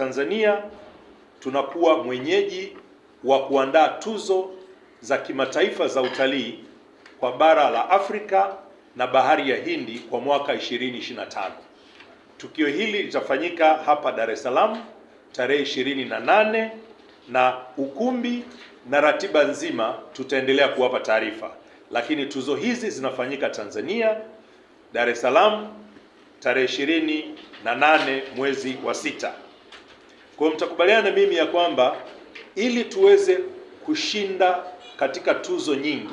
Tanzania tunakuwa mwenyeji wa kuandaa tuzo za kimataifa za utalii kwa bara la Afrika na bahari ya Hindi kwa mwaka 2025. Tukio hili litafanyika hapa Dar es Salaam tarehe 28 na ukumbi na ratiba nzima tutaendelea kuwapa taarifa, lakini tuzo hizi zinafanyika Tanzania, Dar es Salaam tarehe 28 mwezi wa sita. Kwa hiyo mtakubaliana na mimi ya kwamba ili tuweze kushinda katika tuzo nyingi,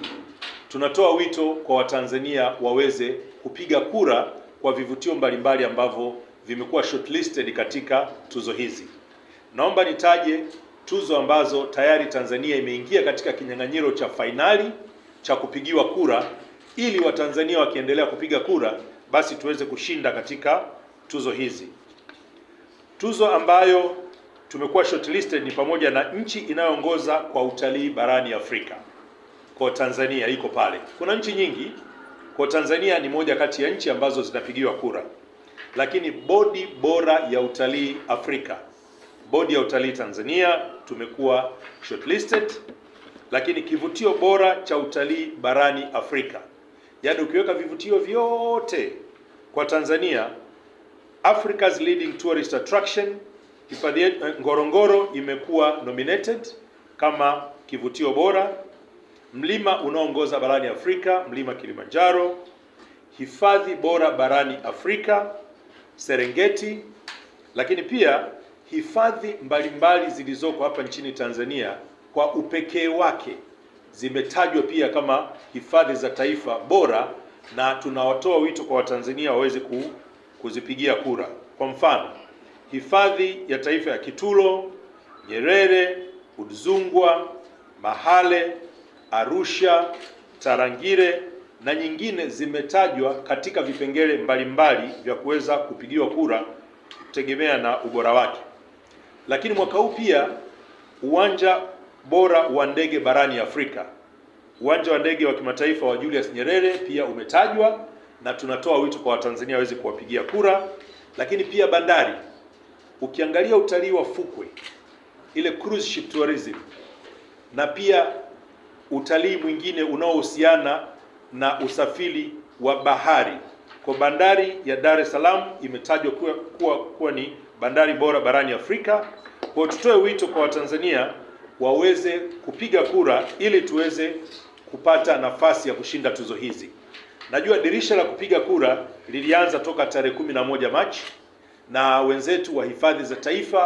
tunatoa wito kwa Watanzania waweze kupiga kura kwa vivutio mbalimbali ambavyo vimekuwa shortlisted katika tuzo hizi. Naomba nitaje tuzo ambazo tayari Tanzania imeingia katika kinyang'anyiro cha fainali cha kupigiwa kura ili Watanzania wakiendelea kupiga kura basi tuweze kushinda katika tuzo hizi. Tuzo ambayo tumekuwa shortlisted ni pamoja na nchi inayoongoza kwa utalii barani Afrika, kwa Tanzania iko pale. Kuna nchi nyingi, kwa Tanzania ni moja kati ya nchi ambazo zinapigiwa kura, lakini bodi bora ya utalii Afrika, bodi ya utalii Tanzania tumekuwa shortlisted, lakini kivutio bora cha utalii barani Afrika, yaani ukiweka vivutio vyote kwa Tanzania, Africa's leading tourist attraction hifadhi yetu eh, Ngorongoro imekuwa nominated kama kivutio bora, mlima unaoongoza barani Afrika, mlima Kilimanjaro, hifadhi bora barani Afrika Serengeti, lakini pia hifadhi mbalimbali zilizoko hapa nchini Tanzania kwa upekee wake zimetajwa pia kama hifadhi za taifa bora, na tunawatoa wito kwa Watanzania waweze kuzipigia kura. Kwa mfano hifadhi ya taifa ya Kitulo, Nyerere, Udzungwa, Mahale, Arusha, Tarangire na nyingine zimetajwa katika vipengele mbalimbali vya kuweza kupigiwa kura kutegemea na ubora wake. Lakini mwaka huu pia uwanja bora wa ndege barani Afrika, uwanja wa ndege wa kimataifa wa Julius Nyerere pia umetajwa, na tunatoa wito kwa Watanzania waweze kuwapigia kura, lakini pia bandari ukiangalia utalii wa fukwe ile cruise ship tourism na pia utalii mwingine unaohusiana na usafiri wa bahari kwa bandari ya Dar es Salaam imetajwa kuwa, kuwa, kuwa ni bandari bora barani Afrika. Kwa tutoe wito kwa Watanzania waweze kupiga kura ili tuweze kupata nafasi ya kushinda tuzo hizi. Najua dirisha la kupiga kura lilianza toka tarehe 11 Machi na wenzetu wa hifadhi za taifa